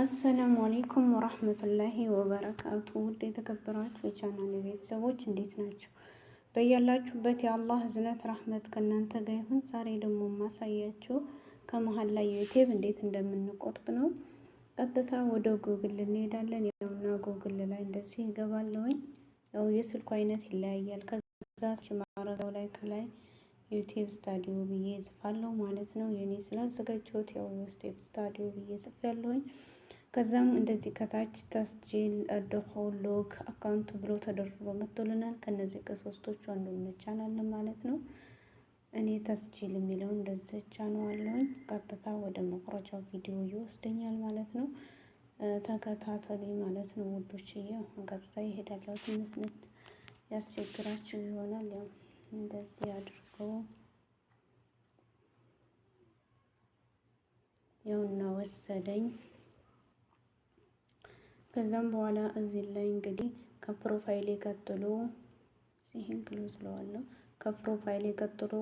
አሰላሙ አሌይኩም ወራህመቱላሂ ወበረካቱ። ውድ የተከበራችሁ የቻናል ቤተሰቦች እንዴት ናቸው? በያላችሁበት የአላህ እዝነት ራህመት ከእናንተ ጋር ይሁን። ዛሬ ደግሞ ማሳያችሁ ከመሀል ላይ ዩቲብ እንዴት እንደምንቆርጥ ነው። ቀጥታ ወደ ጉግል እንሄዳለን። ያውና ጎግል ላይ እንደዚህ ይገባለውኝ። ያው የስልኩ አይነት ይለያያል። ከዛች ማረገው ላይ ከላይ ዩቲብ ስታዲዮ ብዬ ይጽፋለሁ ማለት ነው። የኔ ስላዘጋጀሁት ያው ዩቲብ ስታዲዮ ብዬ ጽፌያለሁኝ። ከዛም እንደዚህ ከታች ተስጂል ደኮል ሎግ አካውንት ብሎ ተደርቦ መጥቶልናል። ከነዚህ ከሶስቶቹ አንዱን እንጫናለን ማለት ነው። እኔ ተስጂል የሚለው እንደዚህ እጫነዋለሁኝ። ቀጥታ ወደ መቁረጫው ቪዲዮ ይወስደኛል ማለት ነው። ተከታተሉ ማለት ነው ውዶች። ይሄ ቀጥታ ይሄዳለሁ። ትንሽ ያስቸግራችሁ ይሆናል። ያው እንደዚህ አድርገው ያውና ወሰደኝ። ከዛም በኋላ እዚህ ላይ እንግዲህ ከፕሮፋይሌ ቀጥሎ ይህን ክሎዝ ለዋለሁ ከፕሮፋይሌ ቀጥሎ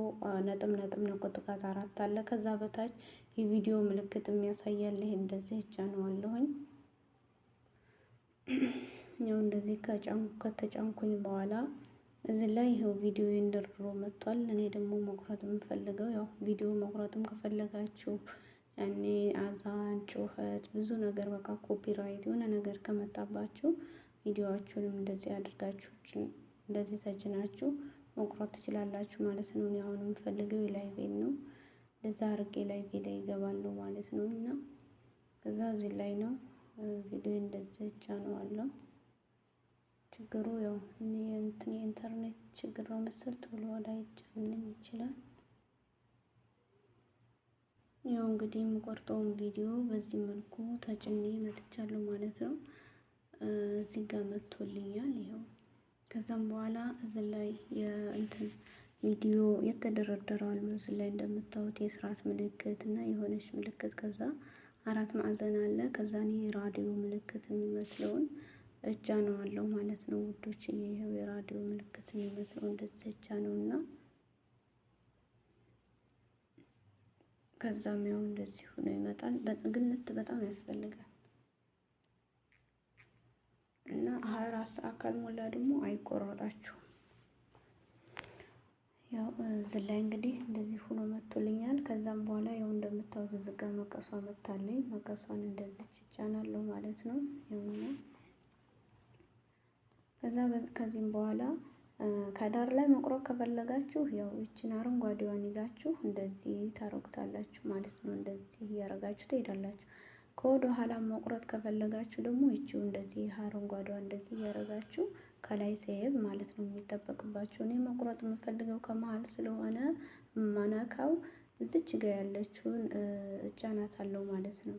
ነጥብ ነጥብ ነው ቁጥቃት አራት አለ። ከዛ በታች የቪዲዮ ምልክት የሚያሳያልህ እንደዚህ እጫነዋለሁኝ። ያው እንደዚህ ከተጫንኩኝ በኋላ እዚህ ላይ ይኸው ቪዲዮ እንደድሮ መጥቷል። እኔ ደግሞ መቁረጥ የምፈልገው ያው ቪዲዮ መቁረጥም ከፈለጋችሁ እኔ አዛን ጩኸት ብዙ ነገር በቃ ኮፒራይት የሆነ ነገር ከመጣባችሁ ቪዲዮዋችሁንም እንደዚህ አድርጋችሁ እንደዚህ ተጭናችሁ መቁረጥ ትችላላችሁ ማለት ነው። እኔ አሁን የምፈልገው የላይቬን ነው። እንደዛ አርጌ ላይቬ ላይ ይገባለሁ ማለት ነው እና ከዛ እዚህ ላይ ነው ቪዲዮ እንደዚህ እጫነዋለሁ። ችግሩ ያው እኔ የኢንተርኔት ችግር ነው መሰል ቶሎ ላይ ይጫንልኝ ይችላል። ያው እንግዲህ የምቆርጠውን ቪዲዮ በዚህ መልኩ ተጭኔ መጥቻለሁ ማለት ነው። እዚህ ጋር መጥቶልኛል ይኸው። ከዛም በኋላ እዚህ ላይ የእንትን ቪዲዮ የተደረደረዋል እዚህ ላይ እንደምታዩት የስርዓት ምልክት እና የሆነች ምልክት ከዛ አራት ማዕዘን አለ። ከዛ እኔ የራዲዮ ምልክት የሚመስለውን እጃ ነው አለው ማለት ነው ውዶች። ይሄው የራዲዮ ምልክት የሚመስለው እንደዚህ እጃ ነው እና ከዛም ያው እንደዚህ ሆኖ ይመጣል። ግንት በጣም ያስፈልጋል እና ሀያ አራት ሰዓት ካልሞላ ደግሞ አይቆረጣችሁም። ያው እዚህ ላይ እንግዲህ እንደዚህ ሆኖ መጥቶልኛል። ከዛም በኋላ ያው እንደምታው ዝጋ መቀሷ መታለኝ። መቀሷን እንደዚህ ይጫናለሁ ማለት ነው። ከዛ ከዚህም በኋላ ከዳር ላይ መቁረጥ ከፈለጋችሁ ያው ይችን አረንጓዴዋን ይዛችሁ እንደዚህ ታረጉታላችሁ ማለት ነው። እንደዚህ እያረጋችሁ ትሄዳላችሁ። ከወደ ኋላ መቁረጥ ከፈለጋችሁ ደግሞ ይቺው እንደዚህ አረንጓዴዋ እንደዚህ እያረጋችሁ ከላይ ሴብ ማለት ነው የሚጠበቅባችሁ። እኔ መቁረጥ የምፈልገው ከመሀል ስለሆነ ማናካው እዚች ጋ ያለችውን እጫናት አለው ማለት ነው።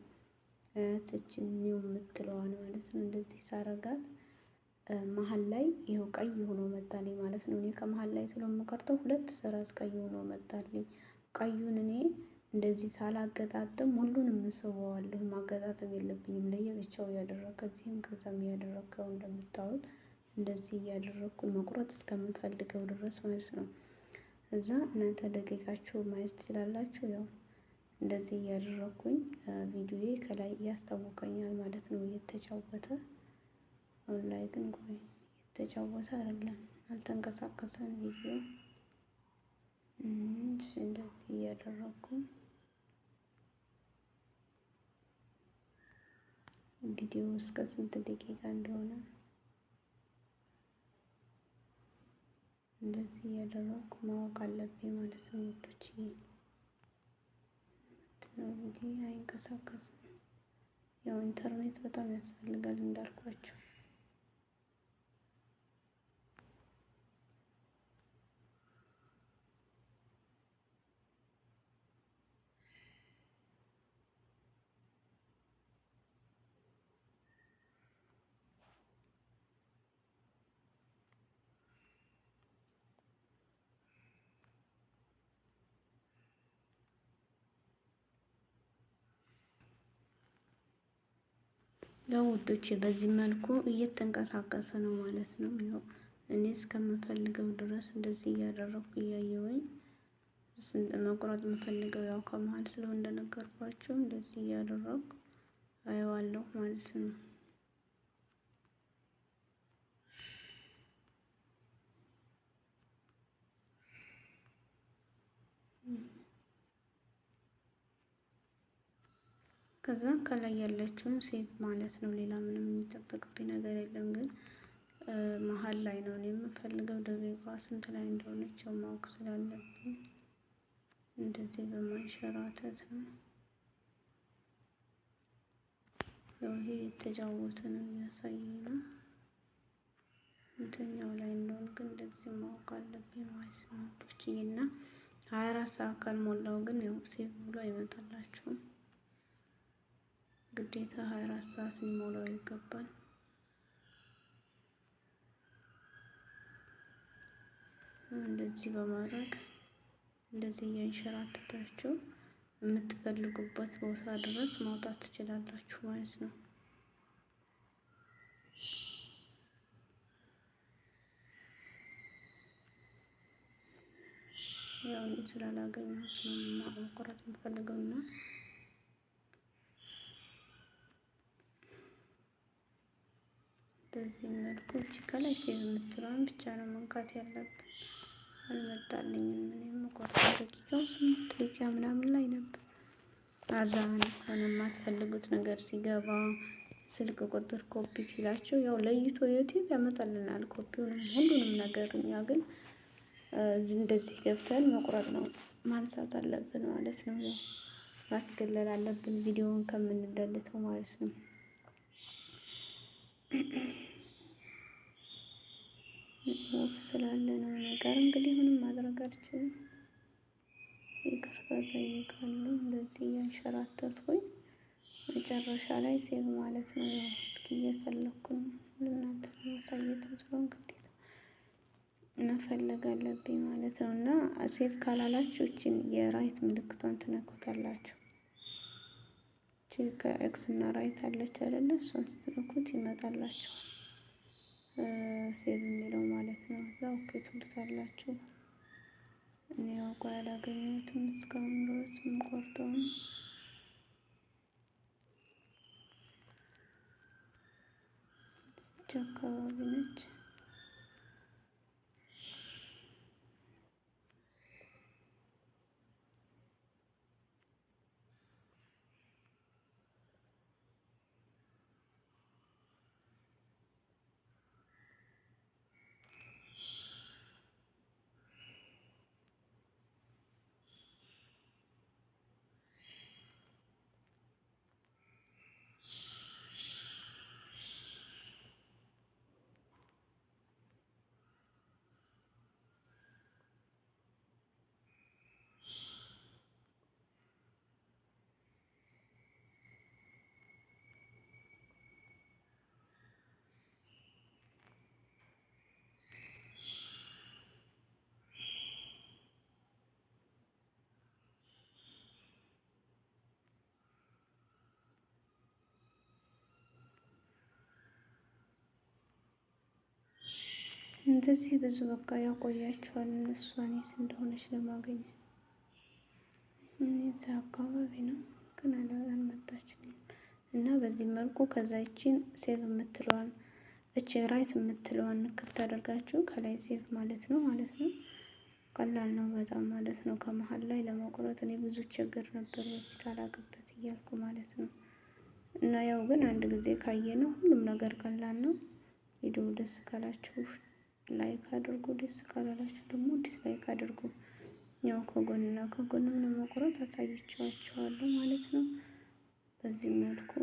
እቺ የምትለዋን ማለት ነው እንደዚህ ሳረጋት መሀል ላይ ይኸው ቀይ ሆኖ መጣልኝ ማለት ነው። እኔ ከመሀል ላይ ስለምቀርተው ሁለት ሰራዝ ቀይ ሆኖ መጣልኝ። ቀዩን እኔ እንደዚህ ሳላገጣጥም ሁሉንም እስበዋለሁ። ማገጣጠም የለብኝም ለየብቻው እያደረግ ከዚህም ከዛም እያደረግከው እንደምታዩት እንደዚህ እያደረግኩ መቁረጥ እስከምፈልገው ድረስ ማለት ነው። እዛ እናንተ ደቂቃችሁ ማየት ትችላላችሁ። ያው እንደዚህ እያደረግኩኝ ቪዲዮ ከላይ እያስታወቀኛል ማለት ነው እየተጫወተ አሁን ላይ ግን ቆይ የተጫወተ አይደለም አልተንቀሳቀሰም ቪዲዮ እንደዚህ እያደረኩ ቪዲዮ እስከ ስንት ደቂቃ እንደሆነ እንደዚህ እያደረኩ ማወቅ አለብኝ ማለት ነው። ወዶች እንግዲህ አይንቀሳቀስም። ያው ኢንተርኔት በጣም ያስፈልጋል እንዳልኳቸው ለውዶች በዚህ መልኩ እየተንቀሳቀሰ ነው ማለት ነው። ይኸው እኔ እስከምፈልገው ድረስ እንደዚህ እያደረኩ እያየሁኝ ስንት መቁረጥ የምፈልገው ያው ከመሀል ስለሆነ እንደነገርኳቸው እንደዚህ እያደረኩ አየዋለሁ ማለት ነው። ከዛ ከላይ ያለችውን ሴት ማለት ነው። ሌላ ምንም የሚጠበቅብኝ ነገር የለም። ግን መሀል ላይ ነው የምፈልገው ደቂቃዋ ስንት ላይ እንደሆነች ማወቅ ስላለብኝ እንደዚህ በማንሸራተት ነው። ይሄ የተጫወተ ነው የሚያሳየው ነው። እንትኛው ላይ እንደሆነ ግን እንደዚህ ማወቅ አለብኝ ማለት ነው። እና ሀያ አራት ሰዓት ካልሞላው ግን ያው ሴቭ ብሎ አይመጣላችሁም። ግዴታ 24 ሰዓት ሊሞላው ይገባል። እንደዚህ በማድረግ እንደዚህ እያንሸራተታችሁ የምትፈልጉበት ቦታ ድረስ ማውጣት ትችላላችሁ ማለት ነው። ያው ስላላገኘሁት ነው ማቁረጥ የምፈልገው እና በዚህ መልኩ እዚህ ከላይ ሴቭ የምትለውን ብቻ ነው መንካት ያለብን። አልመጣልኝም። ምን የምቆርጠው ደቂቃው ስምንት ደቂቃ ምናምን ላይ ነበር። አዛን ሆነ የማትፈልጉት ነገር ሲገባ ስልክ ቁጥር ኮፒ ሲላቸው ያው ለይቶ ዩቲዩብ ያመጣልናል ኮፒውንም ሁሉንም ነገር። እኛ ግን እንደዚህ ገብተን መቁረጥ ነው ማንሳት አለብን ማለት ነው። ያው ማስገለል አለብን ቪዲዮውን ከምንደልተው ማለት ነው። ወፍ ስላለ ነው ነገር እንግዲህ ምንም ማድረግ አልችልም። ይቅርታ ጠይቃሉ እንደዚህ እያንሸራተትኩኝ መጨረሻ ላይ ሴቭ ማለት ነው። ያው እስኪ እየፈለግኩኝ ለእናንተ ማሳየት ምስሎን ግዴታ መፈለግ አለብኝ ማለት ነው። እና ሴቭ ካላላችሁ እችን የራይት ምልክቷን ትነኩታላችሁ። ከኤክስ እና ራይት አለች አይደለ? እሷን ስትነኩት ይመጣላችኋል። ሴቭ የሚለው ማለት ነው። እዛ ኦኬ ትሉታላችሁ። እኔ ያውቁ ያላገኘሁትም እስካሁን ድረስ ምቆርጠውም እዚህ አካባቢ ነች። እንደዚህ ብዙ በቃ ያቆያቸዋል። እሷን የት እንደሆነች ለማገኘት እዛ አካባቢ ነው ግን አልመጣችም እና በዚህ መልኩ ከዛ ይችን ሴቭ የምትለዋል እች ራይት የምትለዋን ክፍት ታደርጋችሁ ከላይ ሴቭ ማለት ነው ማለት ነው። ቀላል ነው በጣም ማለት ነው። ከመሀል ላይ ለመቁረጥ እኔ ብዙ ችግር ነበር በፊት አላቅበት እያልኩ ማለት ነው። እና ያው ግን አንድ ጊዜ ካየ ነው ሁሉም ነገር ቀላል ነው። ቪዲዮ ደስ ካላችሁ ላይክ አድርጉ። ደስ ካላላችሁ ደግሞ ዲስላይክ አድርጉ። ያው ከጎንና ከጎንም ለመቁረጥ አሳይቻችኋለሁ ማለት ነው። በዚህ መልኩ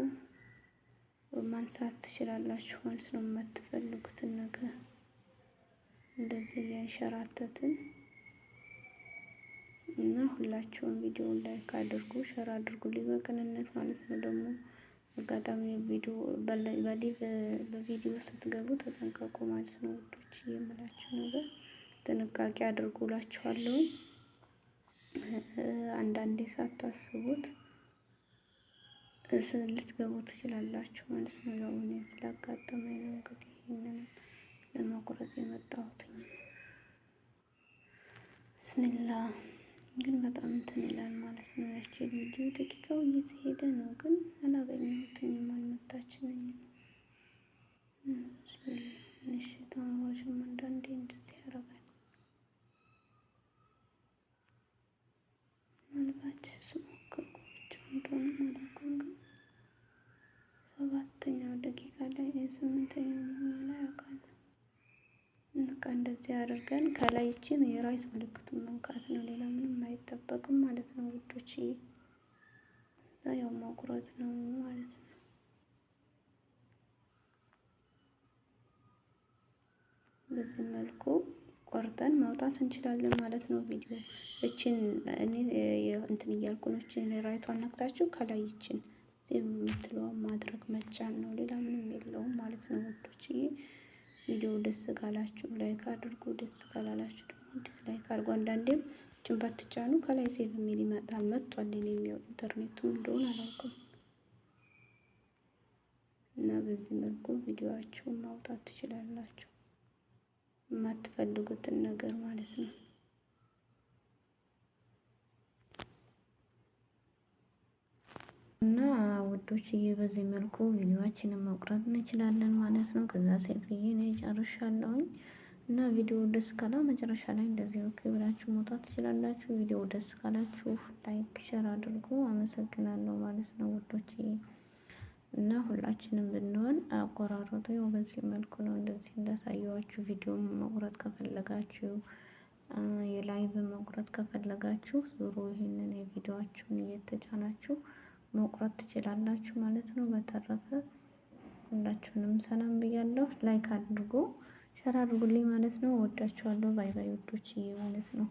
ማንሳት ትችላላችሁ ማለት ነው። የምትፈልጉትን ነገር እንደዚህ እያንሸራተትን እና ሁላችሁም ቪዲዮውን ላይክ አድርጉ፣ ሸር አድርጉ፣ ሊበቅንነት ማለት ነው ደግሞ አጋጣሚ ቪዲዮ በሊቭ በቪዲዮ ስትገቡ ተጠንቀቁ ማለት ነው ውዶች፣ የምላችሁ ነገር ጥንቃቄ አድርጉላችኋለሁ። አንዳንዴ ሳታስቡት ልትገቡ ትችላላችሁ ማለት ነው። ያው እኔ ስላጋጠመኝ ነው እንግዲህ ይህንን ለመቁረጥ የመጣሁትኝ። ብስሚላህ ግን በጣም እንትን ይላል ማለት ነው። ያቺ ቪዲዮ ደቂቃው እየተሄደ ነው፣ ግን አላገኘሁትም። አልመጣችም። ከላይችን የራይት ምልክቱን መንካት ነው። ሌላ ምንም አይጠበቅም ማለት ነው ውዶች። ያው መቁረጥ ነው ማለት ነው። በዚህ መልኩ ቆርጠን ማውጣት እንችላለን ማለት ነው። ቪዲዮ እችን እኔ እንትን እያልኩ ነው። እችን ራይቷን ነክታችሁ ከላይ እችን የምትለውን ማድረግ መጫን ነው። ሌላ ምንም የለውም ማለት ነው ውዶችዬ። ቪዲዮ ደስ ካላችሁ ላይክ አድርጉ፣ ደስ ካላላችሁ ደግሞ ዲስላይክ አድርጉ። አንዳንዴም ጭን ባትጫኑ ከላይ ሴቭ የሚል ይመጣል። መጥቷል የሚው ኢንተርኔቱም እንደሆነ አላውቅም እና በዚህ መልኩ ቪዲዮአችሁን ማውጣት ትችላላችሁ፣ የማትፈልጉትን ነገር ማለት ነው። ውዶች እየ በዚህ መልኩ ቪዲዮችንን መቁረጥ እንችላለን ማለት ነው። ከዛ ሴፍዬ ነው ጨርሻለሁኝ እና ቪዲዮ ደስ ካላ መጨረሻ ላይ እንደዚህ ኦኬ ብላችሁ መውጣት ትችላላችሁ። ቪዲዮ ደስ ካላችሁ ላይክ፣ ሸር አድርጉ። አመሰግናለሁ ማለት ነው ውዶች እና ሁላችንም ብንሆን አቆራረጡ ያው በዚህ መልኩ ነው። እንደዚህ እንዳሳየዋችሁ ቪዲዮ መቁረጥ ከፈለጋችሁ የላይቭ መቁረጥ ከፈለጋችሁ ዙሮ ይህንን የቪዲዮችሁን እየተጫናችሁ መቁረጥ ትችላላችሁ ማለት ነው። በተረፈ ሁላችሁንም ሰላም ብያለሁ። ላይክ አድርጉ፣ ሸር አድርጉልኝ ማለት ነው። ወዳችኋለሁ። ባይ ባይ ውዶችዬ ማለት ነው።